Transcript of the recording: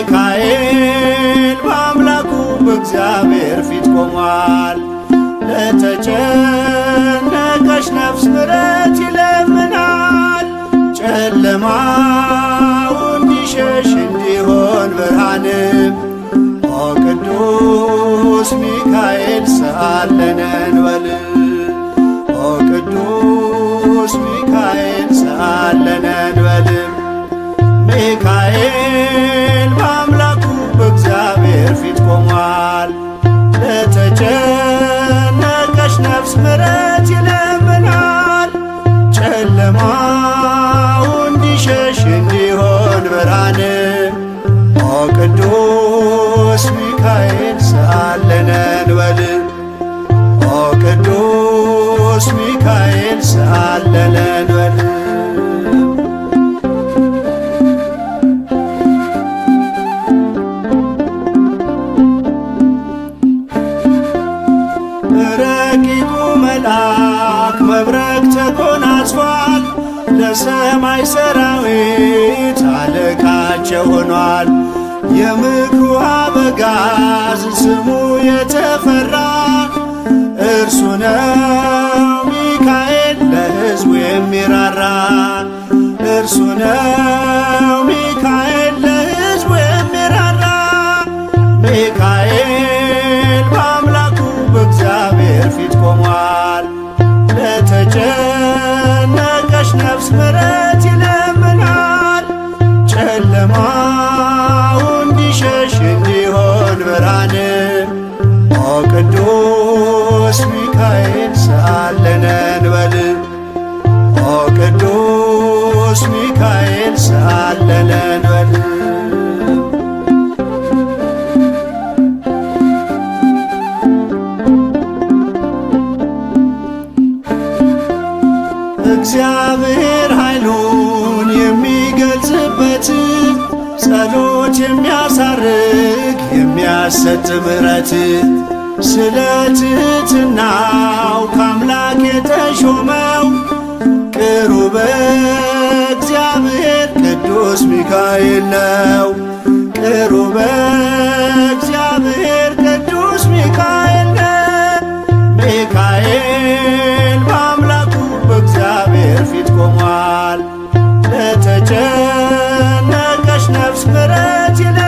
ሚካኤል በአምላኩ በእግዚአብሔር ፊት ቆሟል። ለተጨነቀች ነፍስ ምሕረት ይለምናል። ጨለማው እንዲሸሽ እንዲሆን ብርሃንም ኦ ቅዱስ ሚካኤል ሰአለነ እንበል ኦ ቅዱስ ሚካኤል ሰአለነ እንበልም ሚካኤል ነፍስ ምሕረት ይለምናል ጨለማው እንዲሸሽ እንዲሆን ብርሃን። ቅዱስ ሚካኤል ሰአለነ ሚካኤል አምላክ መብረቅ ተጎናጽፏል። ለሰማይ ሰራዊት አለቃቸው ሆኗል። የምክሩ አበጋዝ ስሙ የተፈራ እርሱ ነው ሚካኤል ለሕዝቡ የሚራራ እርሱ ነው ሚካኤል ለሕዝቡ የሚራራ ሚካኤል በአምላኩ በእግዚአብሔር ፊት ቆሟል። እግዚአብሔር ኃይሉን የሚገልጽበት ጸሎት የሚያሳርግ የሚያሰጥ ምረት ስለ ትህትናው ከአምላክ የተሾመው ቅሩ በእግዚአብሔር ቅዱስ ሚካኤል ነው። ቅሩበ I'm esperanțele